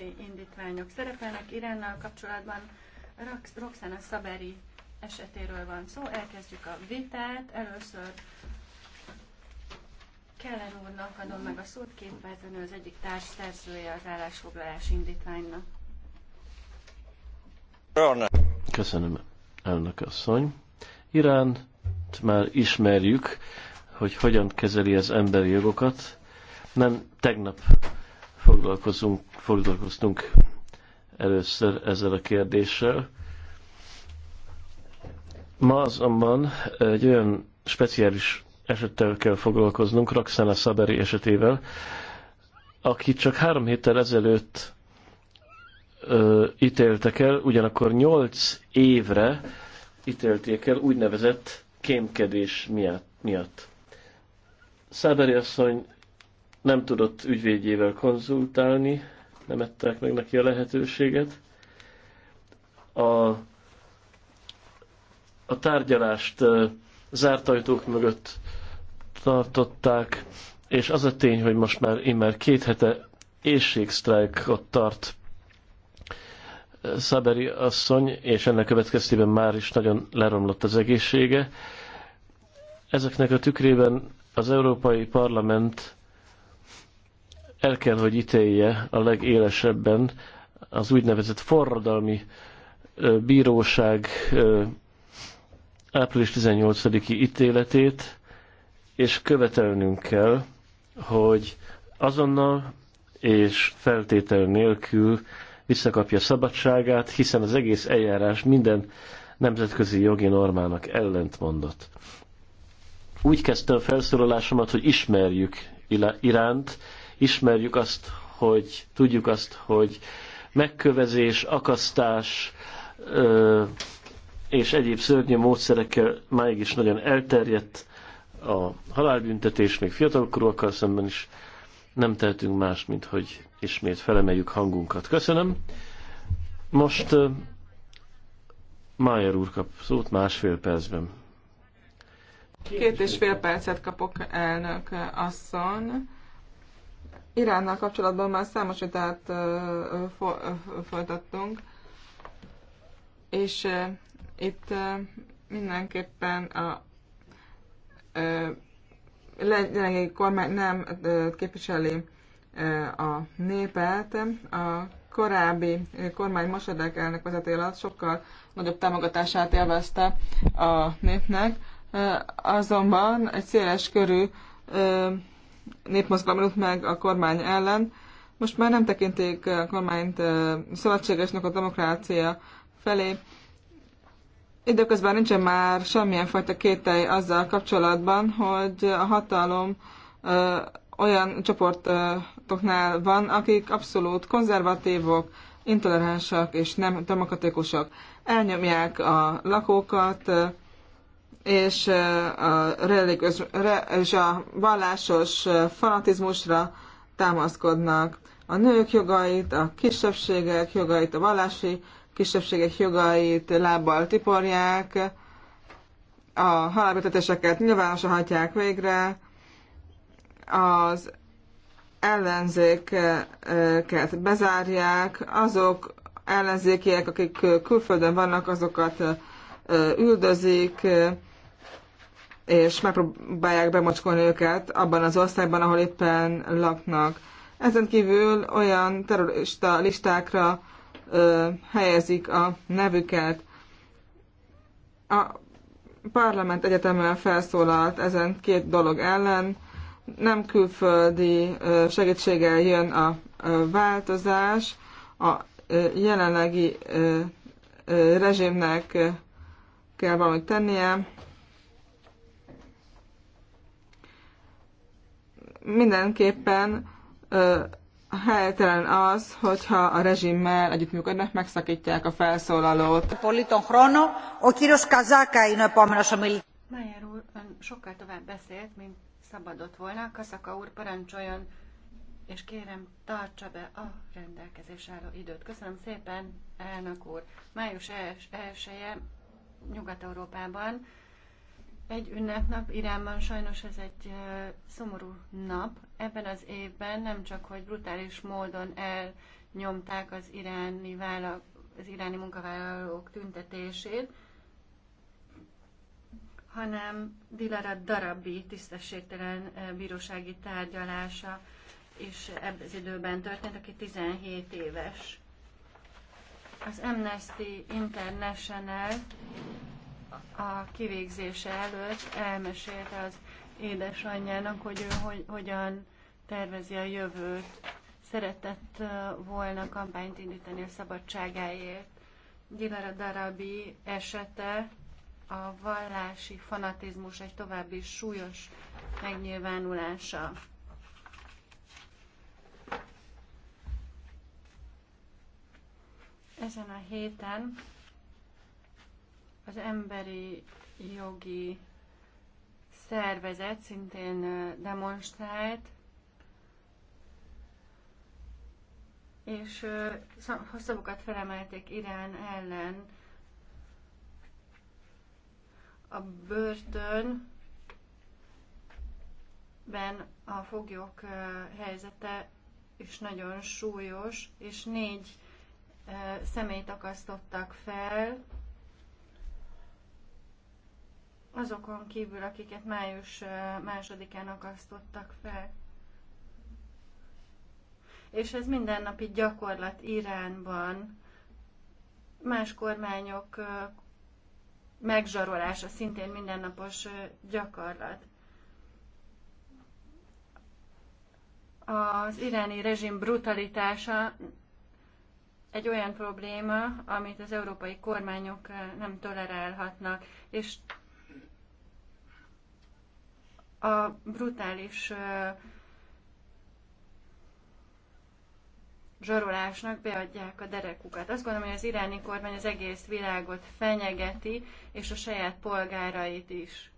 módosítási indítványok szerepelnek. Iránnal kapcsolatban Roxana Szaberi esetéről van szó. Elkezdjük a vitát. Először Kellen úrnak adom meg a szót, két ő az egyik társ szerzője az állásfoglalás indítványnak. Köszönöm, elnök asszony. Iránt már ismerjük, hogy hogyan kezeli az emberi jogokat. Nem tegnap foglalkozunk, foglalkoztunk először ezzel a kérdéssel. Ma azonban egy olyan speciális esettel kell foglalkoznunk, Roxana Szaberi esetével, aki csak három héttel ezelőtt ö, ítéltek el, ugyanakkor nyolc évre ítélték el úgynevezett kémkedés miatt. miatt. Száberi asszony nem tudott ügyvédjével konzultálni, nem ettek meg neki a lehetőséget. A, a tárgyalást zárt ajtók mögött tartották, és az a tény, hogy most már immár két hete éjségsztrájkot tart Szaberi asszony, és ennek következtében már is nagyon leromlott az egészsége. Ezeknek a tükrében az Európai Parlament el kell, hogy ítélje a legélesebben az úgynevezett forradalmi bíróság április 18-i ítéletét, és követelnünk kell, hogy azonnal és feltétel nélkül visszakapja szabadságát, hiszen az egész eljárás minden nemzetközi jogi normának ellentmondott. Úgy kezdtem felszólalásomat, hogy ismerjük Iránt, ismerjük azt, hogy tudjuk azt, hogy megkövezés, akasztás ö, és egyéb szörnyű módszerekkel máig is nagyon elterjedt a halálbüntetés, még fiatalkorúakkal szemben is nem tehetünk más, mint hogy ismét felemeljük hangunkat. Köszönöm. Most uh, Májer úr kap szót másfél percben. Két és fél percet kapok elnök asszon. Iránnal kapcsolatban már számos vitát folytattunk, és itt mindenképpen a jelenlegi kormány nem képviseli a népet. A korábbi kormány Mosadek elnök vezeté alatt sokkal nagyobb támogatását élvezte a népnek, azonban egy széles körű népmozgalom meg a kormány ellen. Most már nem tekintik a kormányt szövetségesnek a demokrácia felé. Időközben nincsen már semmilyen fajta kételj azzal kapcsolatban, hogy a hatalom ö, olyan csoportoknál van, akik abszolút konzervatívok, intoleránsak és nem demokratikusak. Elnyomják a lakókat, és a, religiós, és a vallásos fanatizmusra támaszkodnak. A nők jogait, a kisebbségek jogait, a vallási kisebbségek jogait lábbal tiporják, a halálbetetéseket nyilvánosan hagyják végre, az ellenzéket bezárják, azok ellenzékiek, akik külföldön vannak, azokat üldözik, és megpróbálják bemocskolni őket abban az országban, ahol éppen laknak. Ezen kívül olyan terrorista listákra ö, helyezik a nevüket. A parlament egyetemmel felszólalt ezen két dolog ellen. Nem külföldi ö, segítséggel jön a ö, változás. A ö, jelenlegi ö, ö, rezsimnek kell valamit tennie mindenképpen ö, helytelen az, hogyha a rezsimmel együttműködnek, megszakítják a felszólalót. Politon Chrono, o kíros Kazaka in epomenos omil. Májer úr, ön sokkal tovább beszélt, mint szabadott volna. Kazaka úr, parancsoljon, és kérem, tartsa be a rendelkezés álló időt. Köszönöm szépen, elnök úr. Május 1 -e Nyugat-Európában egy ünnepnap, Iránban sajnos ez egy szomorú nap. Ebben az évben nem csak, hogy brutális módon elnyomták az iráni, vála az iráni munkavállalók tüntetését, hanem Dilara Darabi tisztességtelen bírósági tárgyalása is ebben az időben történt, aki 17 éves. Az Amnesty International a kivégzése előtt elmesélte az édesanyjának, hogy ő hogy, hogyan tervezi a jövőt. Szeretett volna kampányt indítani a szabadságáért. Gilara Darabi esete a vallási fanatizmus egy további súlyos megnyilvánulása. Ezen a héten az emberi jogi szervezet szintén demonstrált, és hosszabbokat felemelték Irán ellen. A börtönben a foglyok helyzete is nagyon súlyos, és négy személyt akasztottak fel, azokon kívül, akiket május másodikán akasztottak fel. És ez mindennapi gyakorlat Iránban. Más kormányok megzsarolása szintén mindennapos gyakorlat. Az iráni rezsim brutalitása egy olyan probléma, amit az európai kormányok nem tolerálhatnak, és a brutális zsarolásnak beadják a derekukat. Azt gondolom, hogy az iráni kormány az egész világot fenyegeti, és a saját polgárait is.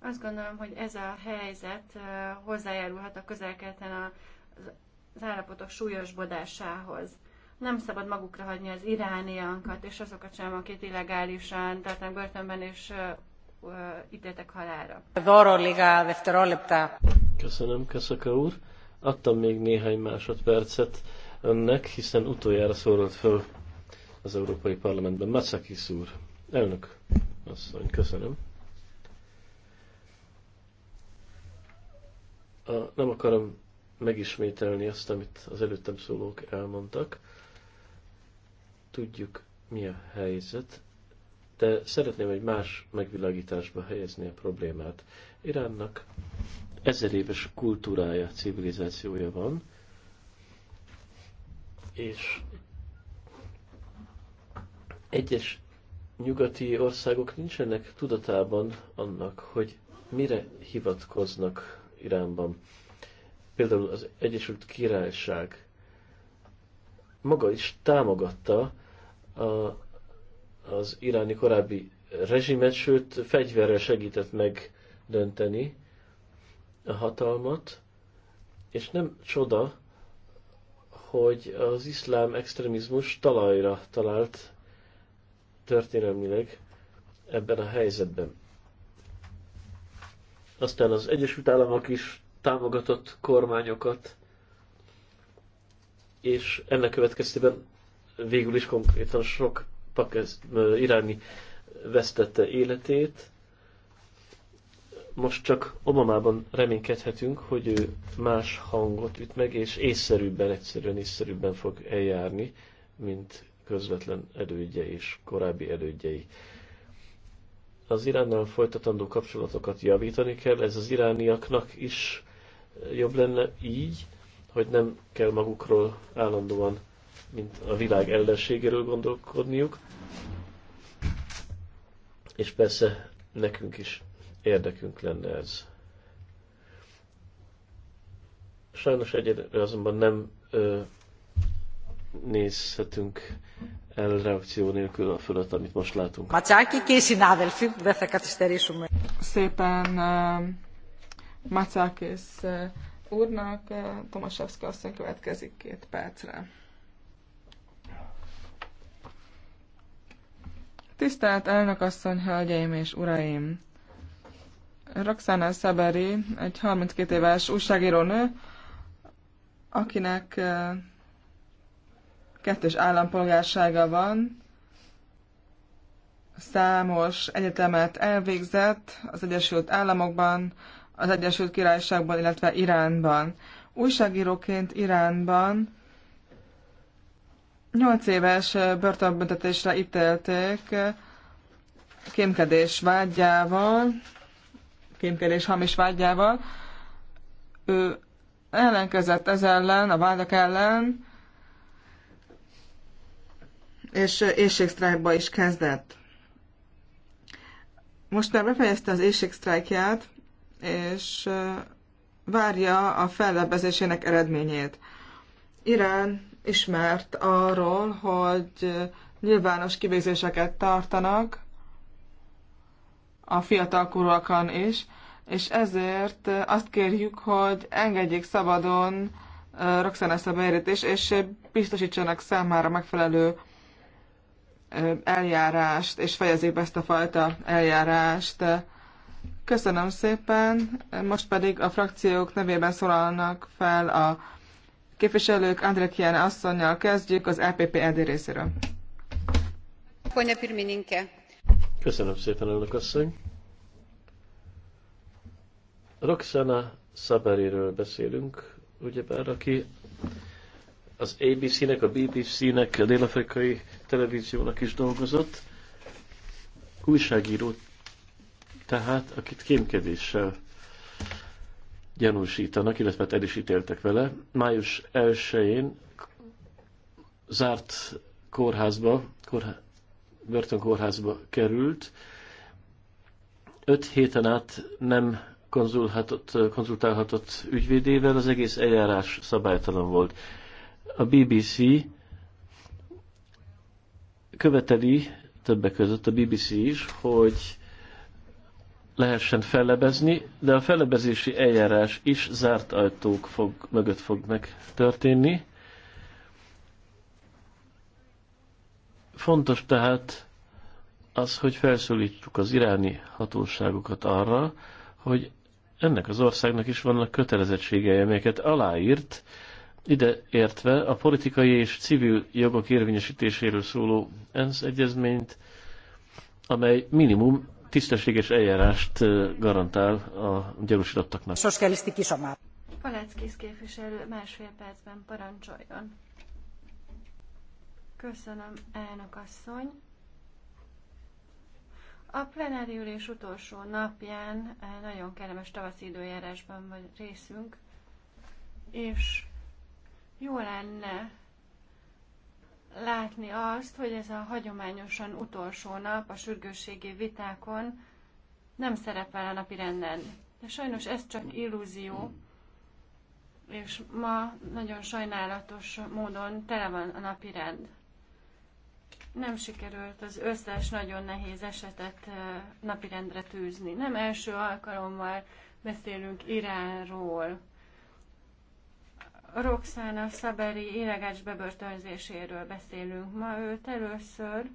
Azt gondolom, hogy ez a helyzet hozzájárulhat a közelkelten az állapotok súlyosbodásához. Nem szabad magukra hagyni az irániankat, és azokat sem, akik illegálisan tartanak börtönben, és ítéltek halára. Köszönöm, Kaszaka úr. Adtam még néhány másodpercet önnek, hiszen utoljára szólalt föl az Európai Parlamentben. Macakis úr, elnök asszony, köszönöm. A, nem akarom megismételni azt, amit az előttem szólók elmondtak. Tudjuk, mi a helyzet, de szeretném egy más megvilágításba helyezni a problémát. Iránnak ezer éves kultúrája, civilizációja van, és egyes nyugati országok nincsenek tudatában annak, hogy mire hivatkoznak Iránban például az Egyesült Királyság maga is támogatta a, az iráni korábbi rezsimet, sőt fegyverrel segített megdönteni a hatalmat, és nem csoda, hogy az iszlám extrémizmus talajra talált történelmileg ebben a helyzetben. Aztán az Egyesült Államok is támogatott kormányokat, és ennek következtében végül is konkrétan sok pakez, iráni vesztette életét. Most csak Obamában reménykedhetünk, hogy ő más hangot üt meg, és észszerűbben, egyszerűen észszerűbben fog eljárni, mint közvetlen elődje és korábbi elődjei. Az Iránnal folytatandó kapcsolatokat javítani kell, ez az irániaknak is jobb lenne így, hogy nem kell magukról állandóan, mint a világ ellenségéről gondolkodniuk, és persze nekünk is érdekünk lenne ez. Sajnos egyedül azonban nem ö, nézhetünk el reakció nélkül a fölött, amit most látunk. Szépen Macákész eh, úrnak, eh, Tomaszewska aztán következik két percre. Tisztelt asszony, hölgyeim és uraim! Roxana Szeberi, egy 32 éves újságíró nő, akinek eh, kettős állampolgársága van, számos egyetemet elvégzett az Egyesült Államokban, az Egyesült Királyságban, illetve Iránban. Újságíróként Iránban 8 éves börtönbüntetésre ítélték kémkedés vágyával, kémkedés hamis vágyával. Ő ellenkezett ez ellen, a vádak ellen, és éjségsztrájkba is kezdett. Most már befejezte az éjségsztrájkját, és várja a fellebbezésének eredményét. Irán ismert arról, hogy nyilvános kivégzéseket tartanak a fiatalkorúakon is, és ezért azt kérjük, hogy engedjék szabadon Roxana Szabairit is, és biztosítsanak számára megfelelő eljárást, és fejezik be ezt a fajta eljárást Köszönöm szépen, most pedig a frakciók nevében szólalnak fel a képviselők. André Kiana asszonynal kezdjük az LPP ED részéről. Köszönöm szépen, elnök asszony. Roxana Szaberiről beszélünk, ugyebár aki az ABC-nek, a BBC-nek, a dél-afrikai televíziónak is dolgozott. Újságíró tehát, akit kémkedéssel gyanúsítanak, illetve hát el is ítéltek vele. Május 1-én zárt kórházba, kórhá... börtönkórházba került. Öt héten át nem konzultálhatott ügyvédével, az egész eljárás szabálytalan volt. A BBC követeli többek között a BBC is, hogy lehessen fellebezni, de a fellebezési eljárás is zárt ajtók fog, mögött fog megtörténni. Fontos tehát az, hogy felszólítjuk az iráni hatóságokat arra, hogy ennek az országnak is vannak kötelezettségei, amelyeket aláírt, ide értve a politikai és civil jogok érvényesítéséről szóló ENSZ egyezményt, amely minimum tisztességes eljárást garantál a gyanúsítottaknak. Soskelisztiki Samár. Paleckész képviselő másfél percben parancsoljon. Köszönöm, elnök asszony. A plenári ülés utolsó napján eh, nagyon kellemes tavaszi időjárásban vagy részünk, és jó lenne látni azt, hogy ez a hagyományosan utolsó nap a sürgősségi vitákon nem szerepel a napi renden. De sajnos ez csak illúzió, és ma nagyon sajnálatos módon tele van a napi rend. Nem sikerült az összes nagyon nehéz esetet eh, napirendre tűzni. Nem első alkalommal beszélünk Iránról, Roxana Szaberi illegális bebörtönzéséről beszélünk ma. Őt először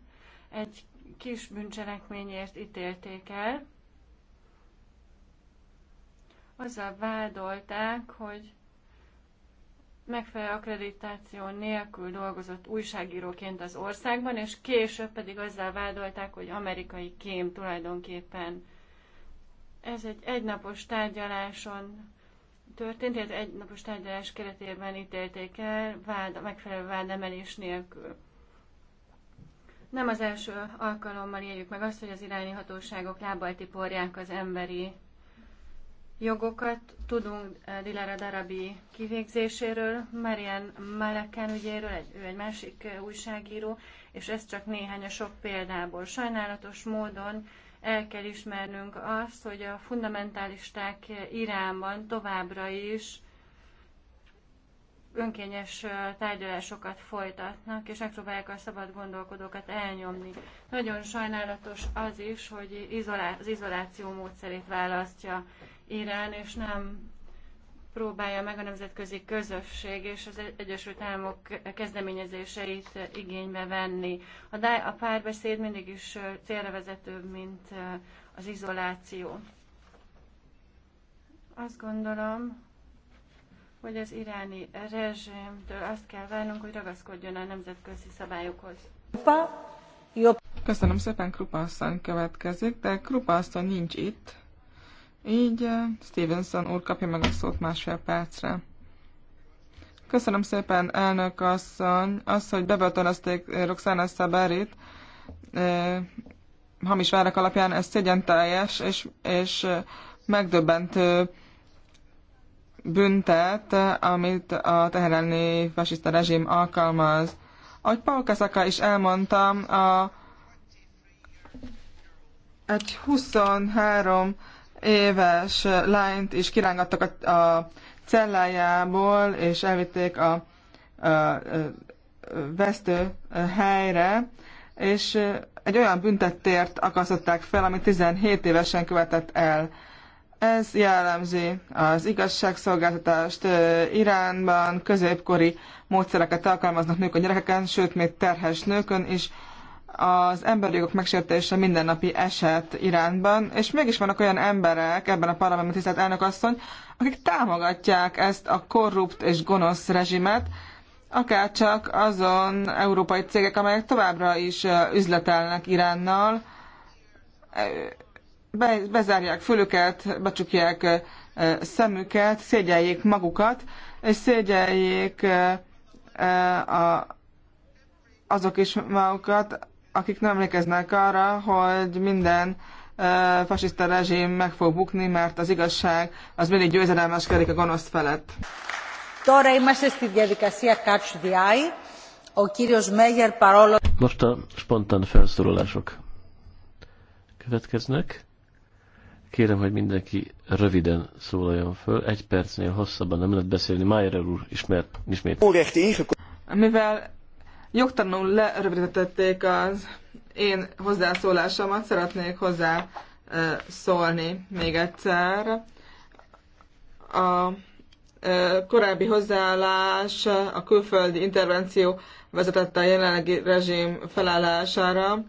egy kis bűncselekményért ítélték el. Azzal vádolták, hogy megfelelő akkreditáció nélkül dolgozott újságíróként az országban, és később pedig azzal vádolták, hogy amerikai kém tulajdonképpen. Ez egy egynapos tárgyaláson történt, tehát egy napos tárgyalás keretében ítélték el vád, megfelelő vádemelés nélkül. Nem az első alkalommal éljük meg azt, hogy az iráni hatóságok lábbal tiporják az emberi jogokat. Tudunk eh, Dilara Darabi kivégzéséről, Marian Malekán ügyéről, egy, ő egy másik eh, újságíró, és ez csak néhány a sok példából. Sajnálatos módon el kell ismernünk azt, hogy a fundamentalisták Iránban továbbra is önkényes tárgyalásokat folytatnak, és megpróbálják a szabad gondolkodókat elnyomni. Nagyon sajnálatos az is, hogy izolá- az izoláció módszerét választja Irán, és nem próbálja meg a nemzetközi közösség és az Egyesült Államok kezdeményezéseit igénybe venni. A, a párbeszéd mindig is célra vezetőbb, mint az izoláció. Azt gondolom, hogy az iráni rezsimtől azt kell várnunk, hogy ragaszkodjon a nemzetközi szabályokhoz. Köszönöm szépen, Krupa asszony következik, de Krupa asszony nincs itt. Így eh, Stevenson úr kapja meg a szót másfél percre. Köszönöm szépen, elnök asszony. Az, hogy bebetonozték eh, Roxana Szabárit, eh, hamis várak alapján, ez szégyen teljes, és, és megdöbbentő büntet, amit a teherelni fasiszta rezsim alkalmaz. Ahogy Paul Kaszaka is elmondtam, a, egy 23 éves lányt is kirángattak a, a cellájából, és elvitték a, a, a vesztő helyre, és egy olyan büntettért akasztották fel, amit 17 évesen követett el. Ez jellemzi az igazságszolgáltatást Iránban, középkori módszereket alkalmaznak nők a gyerekeken, sőt még terhes nőkön is, az emberjogok megsértése mindennapi eset irányban, és mégis vannak olyan emberek ebben a parlamentben tisztelt elnökasszony, akik támogatják ezt a korrupt és gonosz rezsimet, akárcsak azon európai cégek, amelyek továbbra is üzletelnek Iránnal, bezárják fülüket, becsukják szemüket, szégyeljék magukat, és szégyeljék a, azok is magukat, akik nem emlékeznek arra, hogy minden fasiszta rezsim meg fog bukni, mert az igazság az mindig győzedelmeskedik a gonosz felett. Most a spontán felszólalások következnek. Kérem, hogy mindenki röviden szólaljon föl. Egy percnél hosszabban nem lehet beszélni. Májer úr ismert, ismét. Mivel jogtanul lerövidítették az én hozzászólásomat, szeretnék hozzá szólni még egyszer. A korábbi hozzáállás, a külföldi intervenció vezetett a jelenlegi rezsim felállására,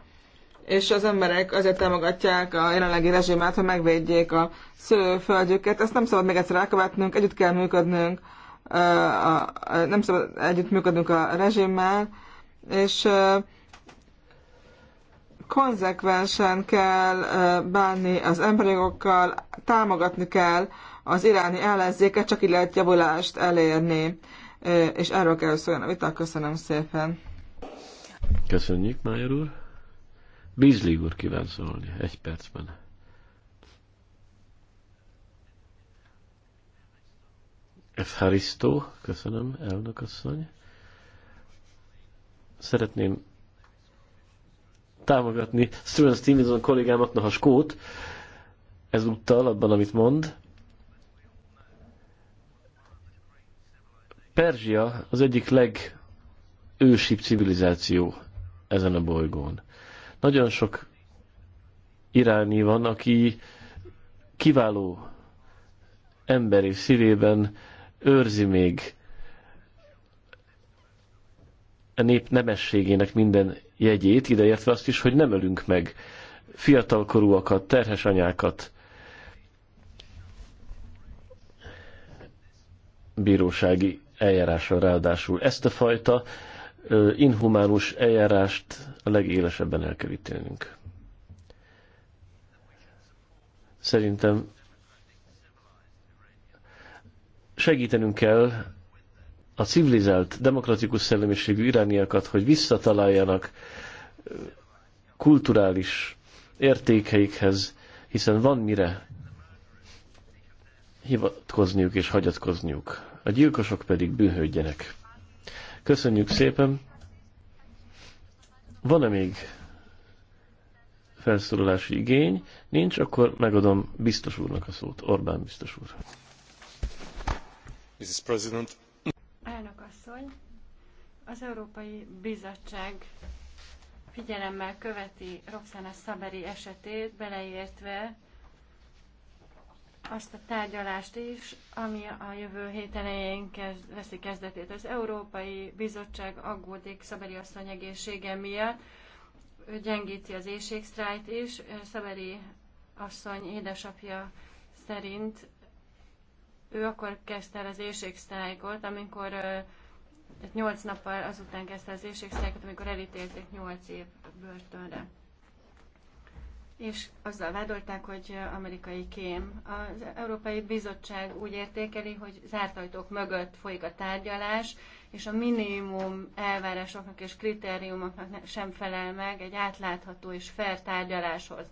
és az emberek azért támogatják a jelenlegi rezsimát, hogy megvédjék a szőföldjüket. Ezt nem szabad még egyszer elkövetnünk, együtt kell működnünk, nem szabad együtt működnünk a rezsimmel, és konzekvensen kell bánni az emberi támogatni kell az iráni ellenzéket, csak így lehet javulást elérni. És erről kell szóljon a vita. Köszönöm szépen. Köszönjük, Májer úr. Bízli úr kíván szólni, egy percben. F. Haristo, köszönöm, elnök asszony szeretném támogatni Steven Stevenson kollégámat, noha skót, ezúttal abban, amit mond. Perzsia az egyik legősibb civilizáció ezen a bolygón. Nagyon sok iráni van, aki kiváló emberi szívében őrzi még a nép nemességének minden jegyét, ideértve azt is, hogy nem ölünk meg fiatalkorúakat, terhes anyákat. Bírósági eljárással ráadásul ezt a fajta inhumánus eljárást a legélesebben el kell ítélnünk. Szerintem segítenünk kell a civilizált, demokratikus szellemiségű irániakat, hogy visszataláljanak kulturális értékeikhez, hiszen van mire hivatkozniuk és hagyatkozniuk. A gyilkosok pedig bűnhődjenek. Köszönjük szépen! Van-e még felszólalási igény? Nincs, akkor megadom biztos úrnak a szót, Orbán biztos úr. Mrs. President, asszony. Az Európai Bizottság figyelemmel követi Roxana Szaberi esetét, beleértve azt a tárgyalást is, ami a jövő hét elején kezd, veszi kezdetét. Az Európai Bizottság aggódik Szaberi asszony egészsége miatt, ő gyengíti az éjségsztrájt is. Szaberi asszony édesapja szerint ő akkor kezdte el az éjségsztrájkot, amikor uh, tehát nyolc nappal azután kezdte az éjségszereket, amikor elítélték nyolc év börtönre. És azzal vádolták, hogy amerikai kém. Az Európai Bizottság úgy értékeli, hogy zárt ajtók mögött folyik a tárgyalás, és a minimum elvárásoknak és kritériumoknak sem felel meg egy átlátható és fair tárgyaláshoz.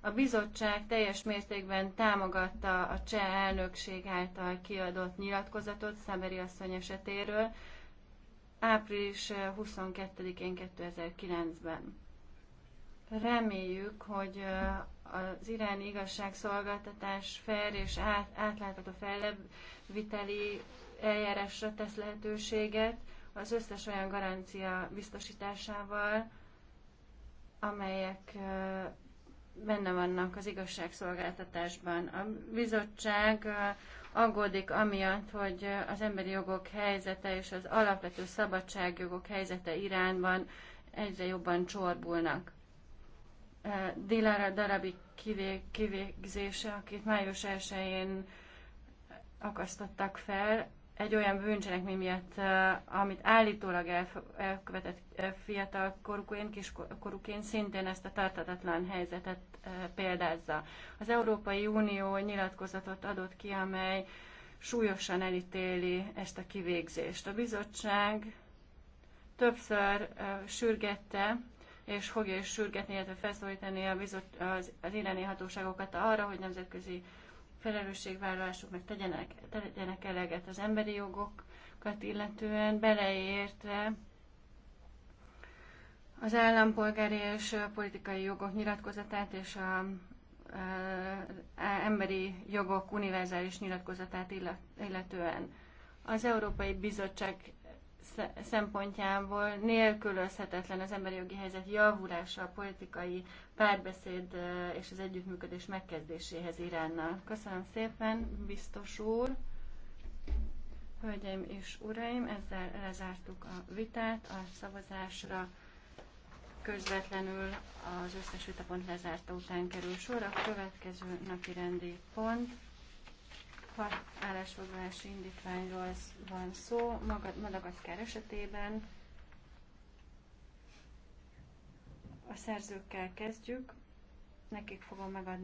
A bizottság teljes mértékben támogatta a cseh elnökség által kiadott nyilatkozatot Szaberi asszony esetéről, április 22-én eh, 2009-ben. Reméljük, hogy eh, az iráni igazságszolgáltatás fair és átlátható felviteli eljárásra tesz lehetőséget az összes olyan garancia biztosításával, amelyek eh, benne vannak az igazságszolgáltatásban. A bizottság aggódik amiatt, hogy az emberi jogok helyzete és az alapvető szabadságjogok helyzete Iránban egyre jobban csorbulnak. Dilara Darabi kivégzése, akit május 1-én akasztottak fel, egy olyan bűncselekmény miatt, amit állítólag elkövetett fiatal korukén, kiskorukén szintén ezt a tartatatlan helyzetet példázza. Az Európai Unió nyilatkozatot adott ki, amely súlyosan elítéli ezt a kivégzést. A bizottság többször sürgette, és fogja is sürgetni, illetve felszólítani a bizot, az, az iráni hatóságokat arra, hogy nemzetközi uh, meg tegyenek, tegyenek eleget az emberi jogokat illetően, beleértve az állampolgári és politikai jogok nyilatkozatát és a e, e, emberi jogok univerzális nyilatkozatát illetően. Az Európai Bizottság szempontjából nélkülözhetetlen az emberi jogi helyzet javulása a politikai párbeszéd és az együttműködés megkezdéséhez Iránnal. Köszönöm szépen, biztos úr! Hölgyeim és uraim, ezzel lezártuk a vitát, a szavazásra közvetlenül az összes vitapont lezárta után kerül sor. A következő napi rendi pont Hat állásfoglalási indítványról van szó Madagaszkár keresetében. A szerzőkkel kezdjük. Nekik fogom megadni